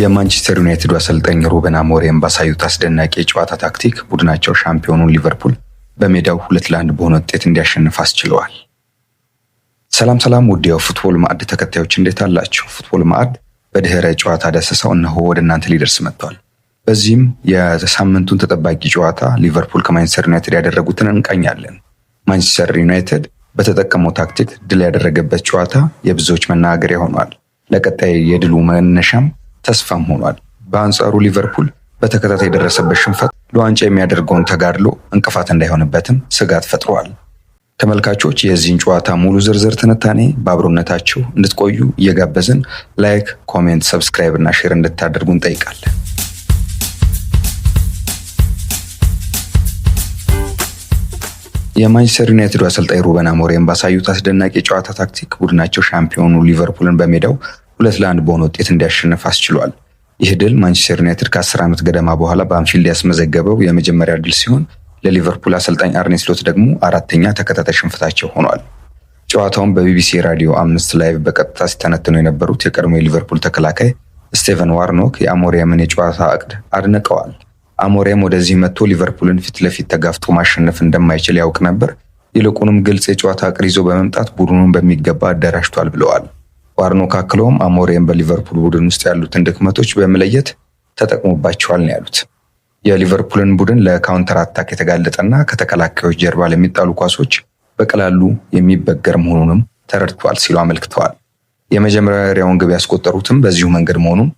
የማንቸስተር ዩናይትዱ አሰልጣኝ ሩበን አሞሪም ባሳዩት አስደናቂ የጨዋታ ታክቲክ ቡድናቸው ሻምፒዮኑን ሊቨርፑል በሜዳው ሁለት ለአንድ በሆነ ውጤት እንዲያሸንፍ አስችለዋል። ሰላም ሰላም፣ ውዲያው ፉትቦል ማዕድ ተከታዮች እንዴት አላችሁ? ፉትቦል ማዕድ በድህረ ጨዋታ ደሰሰው እነሆ ወደ እናንተ ሊደርስ መጥቷል። በዚህም የሳምንቱን ተጠባቂ ጨዋታ ሊቨርፑል ከማንቸስተር ዩናይትድ ያደረጉትን እንቃኛለን። ማንቸስተር ዩናይትድ በተጠቀመው ታክቲክ ድል ያደረገበት ጨዋታ የብዙዎች መናገሪያ ሆኗል። ለቀጣይ የድሉ መነሻም ተስፋም ሆኗል። በአንጻሩ ሊቨርፑል በተከታታይ የደረሰበት ሽንፈት ለዋንጫ የሚያደርገውን ተጋድሎ እንቅፋት እንዳይሆንበትም ስጋት ፈጥሯል። ተመልካቾች የዚህን ጨዋታ ሙሉ ዝርዝር ትንታኔ በአብሮነታችሁ እንድትቆዩ እየጋበዝን ላይክ፣ ኮሜንት፣ ሰብስክራይብ እና ሼር እንድታደርጉ እንጠይቃለን። የማንቸስተር ዩናይትዱ አሰልጣኝ ሩበን አሞሪም ባሳዩት አስደናቂ የጨዋታ ታክቲክ ቡድናቸው ሻምፒዮኑ ሊቨርፑልን በሜዳው ሁለት ለአንድ በሆነ ውጤት እንዲያሸንፍ አስችሏል። ይህ ድል ማንቸስተር ዩናይትድ ከአስር ዓመት ገደማ በኋላ በአንፊልድ ያስመዘገበው የመጀመሪያ ድል ሲሆን ለሊቨርፑል አሰልጣኝ አርኔ ስሎት ደግሞ አራተኛ ተከታታይ ሽንፈታቸው ሆኗል። ጨዋታውን በቢቢሲ ራዲዮ አምስት ላይቭ በቀጥታ ሲተነትኑ የነበሩት የቀድሞ የሊቨርፑል ተከላካይ ስቴቨን ዋርኖክ የአሞሪያምን የጨዋታ እቅድ አድንቀዋል። አሞሪያም ወደዚህ መጥቶ ሊቨርፑልን ፊት ለፊት ተጋፍጦ ማሸነፍ እንደማይችል ያውቅ ነበር፣ ይልቁንም ግልጽ የጨዋታ እቅድ ይዞ በመምጣት ቡድኑን በሚገባ አደራጅቷል ብለዋል። ዋርኖ ካክሎም አሞሪም በሊቨርፑል ቡድን ውስጥ ያሉትን ድክመቶች በመለየት ተጠቅሞባቸዋል ነው ያሉት። የሊቨርፑልን ቡድን ለካውንተር አታክ የተጋለጠና ከተከላካዮች ጀርባ ለሚጣሉ ኳሶች በቀላሉ የሚበገር መሆኑንም ተረድቷል ሲሉ አመልክተዋል። የመጀመሪያውን ግብ ያስቆጠሩትም በዚሁ መንገድ መሆኑን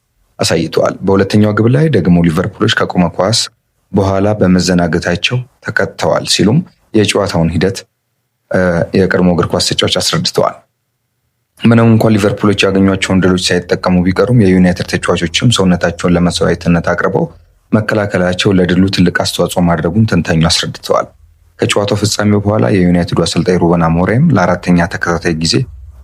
አሳይተዋል። በሁለተኛው ግብ ላይ ደግሞ ሊቨርፑሎች ከቆመ ኳስ በኋላ በመዘናገታቸው ተቀጥተዋል ሲሉም የጨዋታውን ሂደት የቀድሞ እግር ኳስ ተጫዋች አስረድተዋል። ምንም እንኳን ሊቨርፑሎች ያገኟቸውን ድሎች ሳይጠቀሙ ቢቀሩም የዩናይትድ ተጫዋቾችም ሰውነታቸውን ለመስዋዕትነት አቅርበው መከላከላቸው ለድሉ ትልቅ አስተዋጽኦ ማድረጉን ተንታኙ አስረድተዋል። ከጨዋታው ፍጻሜ በኋላ የዩናይትዱ አሰልጣኝ ሩበን አሞሪም ለአራተኛ ተከታታይ ጊዜ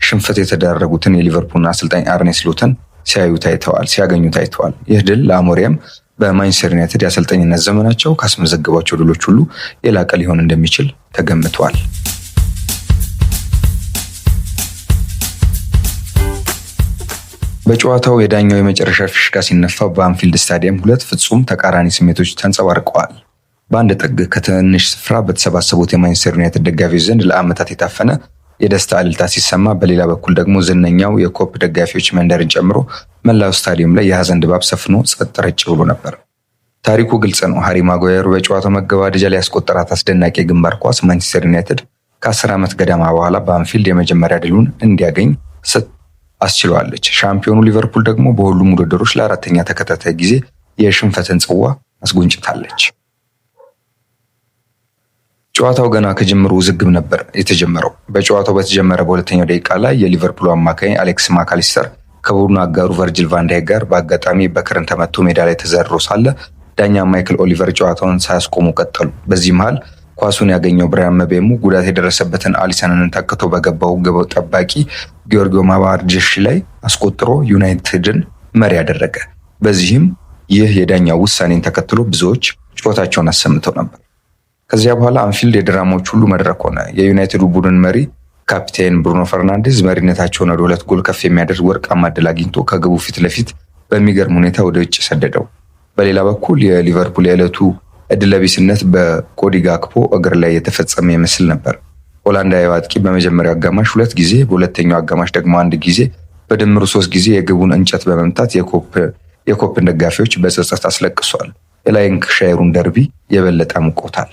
ሽንፈት የተዳረጉትን የሊቨርፑልን አሰልጣኝ አርኔ ስሎትን ሲያዩ ታይተዋል ሲያገኙ ታይተዋል። ይህ ድል ለአሞሪያም በማንቸስተር ዩናይትድ የአሰልጠኝነት ዘመናቸው ካስመዘገባቸው ድሎች ሁሉ የላቀ ሊሆን እንደሚችል ተገምቷል። በጨዋታው የዳኛው የመጨረሻ ፊሽካ ሲነፋ በአንፊልድ ስታዲየም ሁለት ፍጹም ተቃራኒ ስሜቶች ተንጸባርቀዋል። በአንድ ጥግ ከትንሽ ስፍራ በተሰባሰቡት የማንቸስተር ዩናይትድ ደጋፊዎች ዘንድ ለዓመታት የታፈነ የደስታ እልልታ ሲሰማ፣ በሌላ በኩል ደግሞ ዝነኛው የኮፕ ደጋፊዎች መንደርን ጨምሮ መላው ስታዲየም ላይ የሀዘን ድባብ ሰፍኖ ጸጥ ረጭ ብሎ ነበር። ታሪኩ ግልጽ ነው። ሃሪ ማጓየሩ በጨዋታው መገባደጃ ላይ ያስቆጠራት አስደናቂ የግንባር ኳስ ማንቸስተር ዩናይትድ ከአስር ዓመት ገደማ በኋላ በአንፊልድ የመጀመሪያ ድሉን እንዲያገኝ አስችለዋለች። ሻምፒዮኑ ሊቨርፑል ደግሞ በሁሉም ውድድሮች ለአራተኛ ተከታታይ ጊዜ የሽንፈትን ጽዋ አስጎንጭታለች። ጨዋታው ገና ከጅምሩ ውዝግብ ነበር የተጀመረው። በጨዋታው በተጀመረ በሁለተኛው ደቂቃ ላይ የሊቨርፑሉ አማካኝ አሌክስ ማካሊስተር ከቡድኑ አጋሩ ቨርጅል ቫንዳይ ጋር በአጋጣሚ በክርን ተመቶ ሜዳ ላይ ተዘርሮ ሳለ ዳኛ ማይክል ኦሊቨር ጨዋታውን ሳያስቆሙ ቀጠሉ። በዚህ መሃል ኳሱን ያገኘው ብራያን መቤሙ ጉዳት የደረሰበትን አሊሰንን ተክቶ በገባው ግብ ጠባቂ ጊዮርጊዮ ማባርጅሽ ላይ አስቆጥሮ ዩናይትድን መሪ ያደረገ። በዚህም ይህ የዳኛው ውሳኔን ተከትሎ ብዙዎች ጩኸታቸውን አሰምተው ነበር። ከዚያ በኋላ አንፊልድ የድራማዎች ሁሉ መድረክ ሆነ። የዩናይትዱ ቡድን መሪ ካፕቴን ብሩኖ ፈርናንዴዝ መሪነታቸውን ወደ ሁለት ጎል ከፍ የሚያደርግ ወርቃማ ዕድል አግኝቶ ከግቡ ፊት ለፊት በሚገርም ሁኔታ ወደ ውጭ ሰደደው። በሌላ በኩል የሊቨርፑል የዕለቱ እድለቢስነት በኮዲ ጋክፖ እግር ላይ የተፈጸመ ይመስል ነበር። ሆላንዳዊው አጥቂ በመጀመሪያው አጋማሽ ሁለት ጊዜ፣ በሁለተኛው አጋማሽ ደግሞ አንድ ጊዜ በድምሩ ሶስት ጊዜ የግቡን እንጨት በመምታት የኮፕን ደጋፊዎች በጸጸት አስለቅሷል። የላንካሻየሩን ደርቢ የበለጠ አሙቆታል።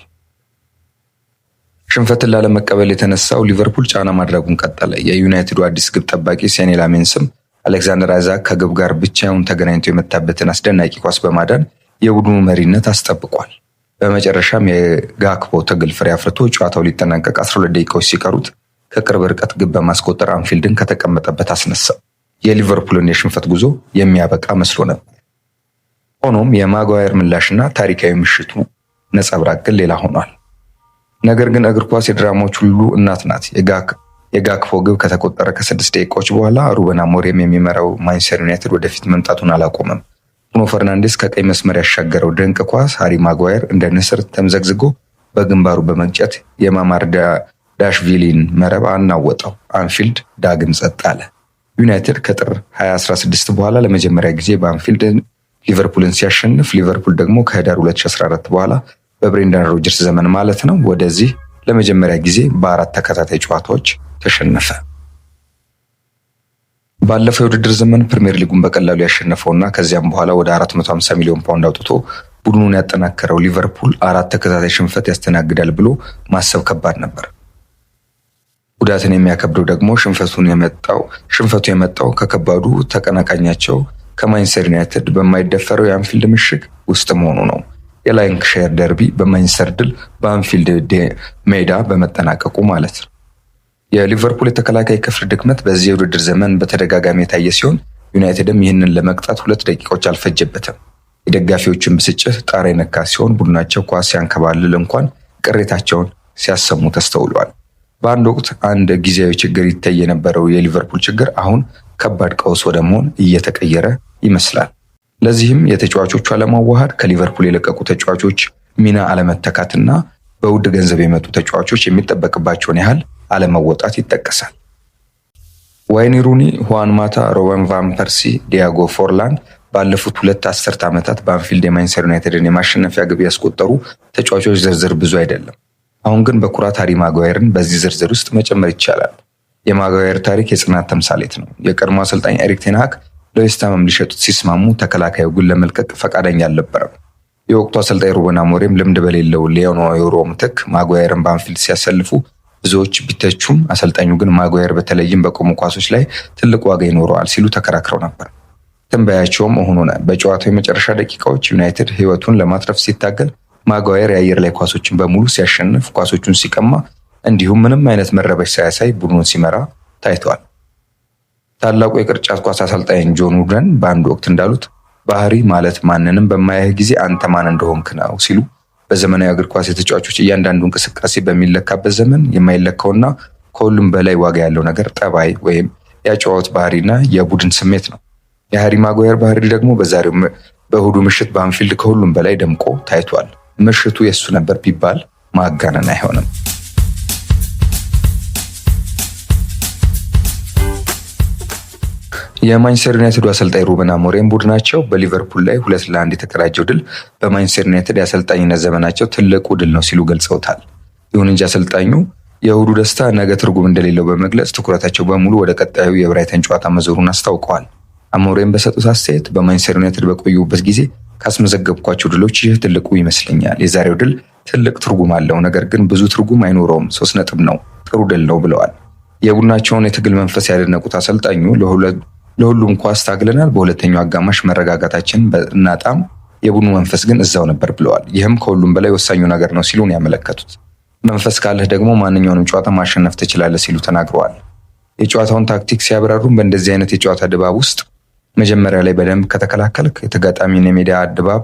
ሽንፈትን ላለመቀበል የተነሳው ሊቨርፑል ጫና ማድረጉን ቀጠለ። የዩናይትዱ አዲስ ግብ ጠባቂ ሴኔ ላሜንስም አሌክዛንደር አይዛክ ከግብ ጋር ብቻውን ተገናኝቶ የመታበትን አስደናቂ ኳስ በማዳን የቡድኑ መሪነት አስጠብቋል። በመጨረሻም የጋክፖ ትግል ፍሬ አፍርቶ ጨዋታው ሊጠናቀቅ 12 ደቂቃዎች ሲቀሩት ከቅርብ ርቀት ግብ በማስቆጠር አንፊልድን ከተቀመጠበት አስነሳው። የሊቨርፑልን የሽንፈት ጉዞ የሚያበቃ መስሎ ነበር። ሆኖም የማጓየር ምላሽና ታሪካዊ ምሽቱ ነጸብራቅ ግን ሌላ ሆኗል። ነገር ግን እግር ኳስ የድራማዎች ሁሉ እናት ናት። የጋክፖ ግብ ከተቆጠረ ከስድስት ደቂቃዎች በኋላ ሩበን አሞሪም የሚመራው ማንቸስተር ዩናይትድ ወደፊት መምጣቱን አላቆመም። ብሩኖ ፈርናንዴስ ከቀይ መስመር ያሻገረው ድንቅ ኳስ ሃሪ ማጓየር እንደ ንስር ተምዘግዝጎ በግንባሩ በመግጨት የማማር ዳሽቪሊን መረብ አናወጠው። አንፊልድ ዳግም ጸጥ አለ። ዩናይትድ ከጥር 2016 በኋላ ለመጀመሪያ ጊዜ በአንፊልድ ሊቨርፑልን ሲያሸንፍ፣ ሊቨርፑል ደግሞ ከህዳር 2014 በኋላ በብሬንዳን ሮጀርስ ዘመን ማለት ነው፣ ወደዚህ ለመጀመሪያ ጊዜ በአራት ተከታታይ ጨዋታዎች ተሸነፈ። ባለፈው የውድድር ዘመን ፕሪምየር ሊጉን በቀላሉ ያሸነፈውና ከዚያም በኋላ ወደ 450 ሚሊዮን ፓውንድ አውጥቶ ቡድኑን ያጠናከረው ሊቨርፑል አራት ተከታታይ ሽንፈት ያስተናግዳል ብሎ ማሰብ ከባድ ነበር። ጉዳትን የሚያከብደው ደግሞ ሽንፈቱን የመጣው ሽንፈቱ የመጣው ከከባዱ ተቀናቃኛቸው ከማንቸስተር ዩናይትድ በማይደፈረው የአንፊልድ ምሽግ ውስጥ መሆኑ ነው። የላንካሻየር ደርቢ በማንቸስተር ድል በአንፊልድ ሜዳ በመጠናቀቁ ማለት ነው። የሊቨርፑል የተከላካይ ክፍል ድክመት በዚህ የውድድር ዘመን በተደጋጋሚ የታየ ሲሆን ዩናይትድም ይህንን ለመቅጣት ሁለት ደቂቃዎች አልፈጀበትም። የደጋፊዎችን ብስጭት ጣራ የነካ ሲሆን ቡድናቸው ኳስ ሲያንከባልል እንኳን ቅሬታቸውን ሲያሰሙ ተስተውለዋል። በአንድ ወቅት አንድ ጊዜያዊ ችግር ይታይ የነበረው የሊቨርፑል ችግር አሁን ከባድ ቀውስ ወደ መሆን እየተቀየረ ይመስላል። ለዚህም የተጫዋቾቹ አለማዋሃድ፣ ከሊቨርፑል የለቀቁ ተጫዋቾች ሚና አለመተካትና በውድ ገንዘብ የመጡ ተጫዋቾች የሚጠበቅባቸውን ያህል አለመወጣት ይጠቀሳል። ዋይኒ ሩኒ፣ ሁዋን ማታ፣ ሮበን ቫን ፐርሲ፣ ዲያጎ ፎርላንድ ባለፉት ሁለት አስርት ዓመታት በአንፊልድ የማንቸስተር ዩናይትድን የማሸነፊያ ግብ ያስቆጠሩ ተጫዋቾች ዝርዝር ብዙ አይደለም። አሁን ግን በኩራት ሃሪ ማጓየርን በዚህ ዝርዝር ውስጥ መጨመር ይቻላል። የማጓየር ታሪክ የጽናት ተምሳሌት ነው። የቀድሞ አሰልጣኝ ኤሪክ ቴንሃክ ለዌስትሃም ሊሸጡት ሲስማሙ ተከላካዩ ግን ለመልቀቅ ፈቃደኛ አልነበረም። የወቅቱ አሰልጣኝ ሩበን አሞሪም ልምድ በሌለው ሊዮኖ ዮሮ ምትክ ማጓየርን በአንፊልድ ሲያሰልፉ ብዙዎች ቢተቹም አሰልጣኙ ግን ማጓየር በተለይም በቆሙ ኳሶች ላይ ትልቅ ዋጋ ይኖረዋል ሲሉ ተከራክረው ነበር። ትንበያቸውም እውን ሆነ። በጨዋታው የመጨረሻ ደቂቃዎች ዩናይትድ ህይወቱን ለማትረፍ ሲታገል ማጓየር የአየር ላይ ኳሶችን በሙሉ ሲያሸንፍ፣ ኳሶቹን ሲቀማ፣ እንዲሁም ምንም አይነት መረበሽ ሳያሳይ ቡድኑን ሲመራ ታይተዋል። ታላቁ የቅርጫት ኳስ አሰልጣኝ ጆን ውደን በአንድ ወቅት እንዳሉት ባህሪ ማለት ማንንም በማያህ ጊዜ አንተ ማን እንደሆንክ ነው ሲሉ በዘመናዊ እግር ኳስ የተጫዋቾች እያንዳንዱ እንቅስቃሴ በሚለካበት ዘመን የማይለካውና ከሁሉም በላይ ዋጋ ያለው ነገር ጠባይ ወይም የአጨዋወት ባህሪና የቡድን ስሜት ነው። የሃሪ ማጓየር ባህሪ ደግሞ በዛሬው በእሁዱ ምሽት በአንፊልድ ከሁሉም በላይ ደምቆ ታይቷል። ምሽቱ የእሱ ነበር ቢባል ማጋነን አይሆንም። የማንቸስተር ዩናይትዱ አሰልጣኝ ሩበን አሞሬም ቡድናቸው በሊቨርፑል ላይ ሁለት ለአንድ የተቀዳጀው ድል በማንቸስተር ዩናይትድ የአሰልጣኝነት ዘመናቸው ትልቁ ድል ነው ሲሉ ገልጸውታል። ይሁን እንጂ አሰልጣኙ የእሁዱ ደስታ ነገ ትርጉም እንደሌለው በመግለጽ ትኩረታቸው በሙሉ ወደ ቀጣዩ የብራይተን ጨዋታ መዞሩን አስታውቀዋል። አሞሪም በሰጡት አስተያየት በማንቸስተር ዩናይትድ በቆዩበት ጊዜ ካስመዘገብኳቸው ድሎች ይህ ትልቁ ይመስለኛል። የዛሬው ድል ትልቅ ትርጉም አለው፣ ነገር ግን ብዙ ትርጉም አይኖረውም። ሶስት ነጥብ ነው፣ ጥሩ ድል ነው ብለዋል። የቡድናቸውን የትግል መንፈስ ያደነቁት አሰልጣኙ ለሁለት ለሁሉም ኳስ ታግለናል። በሁለተኛው አጋማሽ መረጋጋታችን በናጣም የቡድኑ መንፈስ ግን እዛው ነበር ብለዋል። ይህም ከሁሉም በላይ ወሳኙ ነገር ነው ሲሉን ያመለከቱት መንፈስ ካለህ ደግሞ ማንኛውንም ጨዋታ ማሸነፍ ትችላለህ ሲሉ ተናግረዋል። የጨዋታውን ታክቲክ ሲያብራሩም በእንደዚህ አይነት የጨዋታ ድባብ ውስጥ መጀመሪያ ላይ በደንብ ከተከላከልክ የተጋጣሚን የሜዳ ድባብ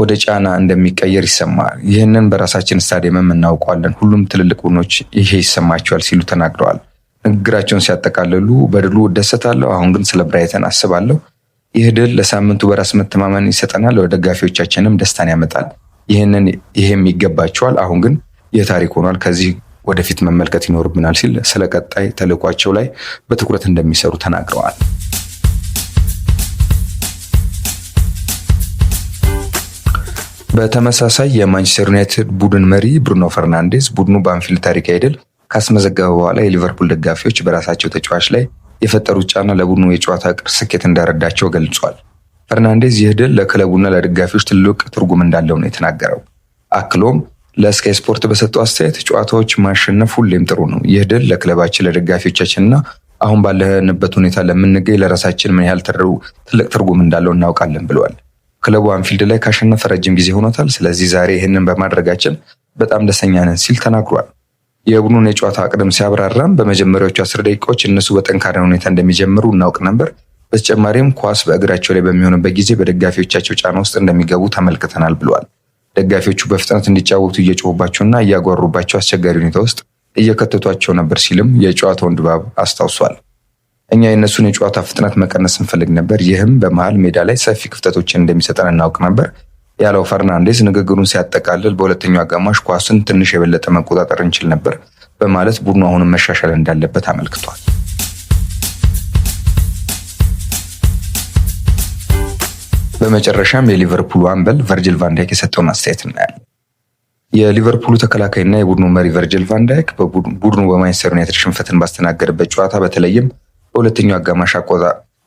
ወደ ጫና እንደሚቀየር ይሰማል። ይህንን በራሳችን ስታዲየምም እናውቀዋለን። ሁሉም ትልልቅ ቡድኖች ይሄ ይሰማቸዋል ሲሉ ተናግረዋል። ንግግራቸውን ሲያጠቃልሉ በድሉ እደሰታለሁ፣ አሁን ግን ስለ ብራይተን አስባለሁ። ይህ ድል ለሳምንቱ በራስ መተማመን ይሰጠናል፣ ለደጋፊዎቻችንም ደስታን ያመጣል። ይህንን ይሄም ይገባቸዋል። አሁን ግን የታሪክ ሆኗል፣ ከዚህ ወደፊት መመልከት ይኖርብናል ሲል ስለ ቀጣይ ተልዕኳቸው ላይ በትኩረት እንደሚሰሩ ተናግረዋል። በተመሳሳይ የማንቸስተር ዩናይትድ ቡድን መሪ ብሩኖ ፈርናንዴዝ ቡድኑ በአንፊልድ ታሪካዊ ድል ካስመዘገበ በኋላ የሊቨርፑል ደጋፊዎች በራሳቸው ተጫዋች ላይ የፈጠሩት ጫና ለቡድኑ የጨዋታ ቅር ስኬት እንዳረዳቸው ገልጿል። ፈርናንዴዝ ይህ ድል ለክለቡና ለደጋፊዎች ትልቅ ትርጉም እንዳለው ነው የተናገረው። አክሎም ለስካይ ስፖርት በሰጠው አስተያየት ጨዋታዎች ማሸነፍ ሁሌም ጥሩ ነው። ይህ ድል ለክለባችን፣ ለደጋፊዎቻችንና አሁን ባለንበት ሁኔታ ለምንገኝ ለራሳችን ምን ያህል ትልቅ ትርጉም እንዳለው እናውቃለን ብለዋል። ክለቡ አንፊልድ ላይ ካሸነፈ ረጅም ጊዜ ሆኖታል። ስለዚህ ዛሬ ይህንን በማድረጋችን በጣም ደሰኛ ነን ሲል ተናግሯል። የቡድኑን የጨዋታ አቅደም ሲያብራራም በመጀመሪያዎቹ አስር ደቂቃዎች እነሱ በጠንካራ ሁኔታ እንደሚጀምሩ እናውቅ ነበር። በተጨማሪም ኳስ በእግራቸው ላይ በሚሆንበት ጊዜ በደጋፊዎቻቸው ጫና ውስጥ እንደሚገቡ ተመልክተናል ብለዋል። ደጋፊዎቹ በፍጥነት እንዲጫወቱ እየጮሁባቸውና እያጓሩባቸው አስቸጋሪ ሁኔታ ውስጥ እየከተቷቸው ነበር ሲልም የጨዋታውን ድባብ አስታውሷል። እኛ የእነሱን የጨዋታ ፍጥነት መቀነስ እንፈልግ ነበር፣ ይህም በመሃል ሜዳ ላይ ሰፊ ክፍተቶችን እንደሚሰጠን እናውቅ ነበር ያለው ፈርናንዴስ ንግግሩን ሲያጠቃልል በሁለተኛው አጋማሽ ኳስን ትንሽ የበለጠ መቆጣጠር እንችል ነበር በማለት ቡድኑ አሁንም መሻሻል እንዳለበት አመልክቷል። በመጨረሻም የሊቨርፑሉ አምበል ቨርጅል ቫንዳይክ የሰጠውን አስተያየት እናያለን። የሊቨርፑሉ ተከላካይና የቡድኑ መሪ ቨርጅል ቫንዳይክ ቡድኑ በማንቸስተር ዩናይትድ ሽንፈትን ባስተናገደበት ጨዋታ በተለይም በሁለተኛው አጋማሽ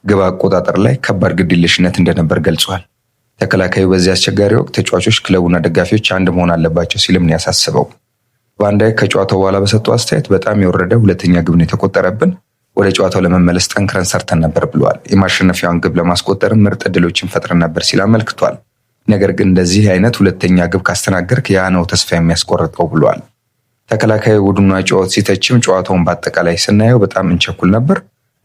ግብ አቆጣጠር ላይ ከባድ ግድየለሽነት እንደነበር ገልጿል። ተከላካዩ በዚህ አስቸጋሪ ወቅት ተጫዋቾች፣ ክለቡና ደጋፊዎች አንድ መሆን አለባቸው ሲልም ነው ያሳስበው። ቫንዳይክ ከጨዋታው በኋላ በሰጠው አስተያየት በጣም የወረደ ሁለተኛ ግብን የተቆጠረብን፣ ወደ ጨዋታው ለመመለስ ጠንክረን ሰርተን ነበር ብለዋል። የማሸነፊያውን ግብ ለማስቆጠር ምርጥ እድሎችን ፈጥረን ነበር ሲል አመልክቷል። ነገር ግን እንደዚህ አይነት ሁለተኛ ግብ ካስተናገርክ ያ ነው ተስፋ የሚያስቆርጠው ብለዋል። ተከላካዩ ቡድኗ ጨዋት ሲተችም ጨዋታውን በአጠቃላይ ስናየው በጣም እንቸኩል ነበር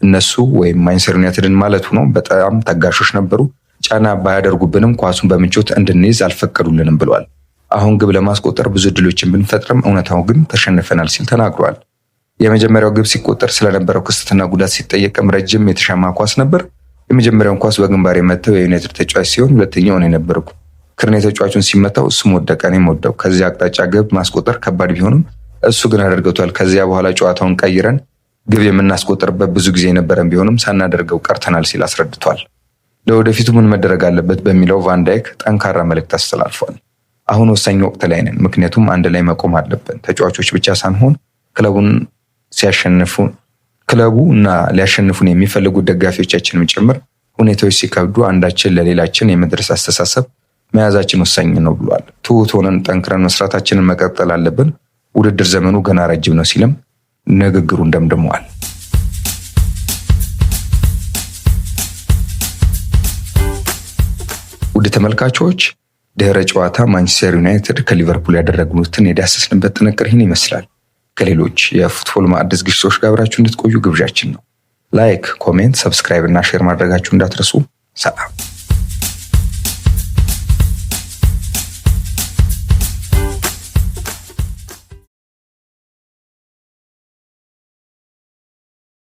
እነሱ ወይም ማንችስተር ዩናይትድን ማለቱ ነው። በጣም ተጋሾች ነበሩ ጫና ባያደርጉብንም ኳሱን በምቾት እንድንይዝ አልፈቀዱልንም ብሏል። አሁን ግብ ለማስቆጠር ብዙ እድሎችን ብንፈጥርም እውነታው ግን ተሸንፈናል ሲል ተናግሯል። የመጀመሪያው ግብ ሲቆጠር ስለነበረው ክስተትና ጉዳት ሲጠየቅም ረጅም የተሻማ ኳስ ነበር። የመጀመሪያውን ኳስ በግንባር የመተው የዩናይትድ ተጫዋች ሲሆን ሁለተኛው እኔ ነበርኩ። ክርኔ ተጫዋቹን ሲመታው እሱም ወደቀ፣ እኔም ከዚያ አቅጣጫ ግብ ማስቆጠር ከባድ ቢሆንም እሱ ግን አደርገቷል። ከዚያ በኋላ ጨዋታውን ቀይረን ግብ የምናስቆጠርበት ብዙ ጊዜ የነበረን ቢሆንም ሳናደርገው ቀርተናል ሲል አስረድቷል። ለወደፊቱ ምን መደረግ አለበት በሚለው ቫንዳይክ ጠንካራ መልእክት አስተላልፏል። አሁን ወሳኝ ወቅት ላይ ነን፣ ምክንያቱም አንድ ላይ መቆም አለብን። ተጫዋቾች ብቻ ሳንሆን ክለቡን ሲያሸንፉ ክለቡ እና ሊያሸንፉን የሚፈልጉ ደጋፊዎቻችንም ጭምር ሁኔታዎች ሲከብዱ አንዳችን ለሌላችን የመድረስ አስተሳሰብ መያዛችን ወሳኝ ነው ብሏል። ትሁት ሆነን ጠንክረን መስራታችንን መቀጠል አለብን። ውድድር ዘመኑ ገና ረጅም ነው ሲልም ንግግሩን ደምድመዋል። ውድ ተመልካቾች ድህረ ጨዋታ ማንቸስተር ዩናይትድ ከሊቨርፑል ያደረግኑትን የዳሰስንበት ጥንቅር ይህን ይመስላል። ከሌሎች የፉትቦል ማዕድስ ግሽቶች ጋር አብራችሁ እንድትቆዩ ግብዣችን ነው። ላይክ፣ ኮሜንት፣ ሰብስክራይብ እና ሼር ማድረጋችሁ እንዳትረሱ። ሰላም።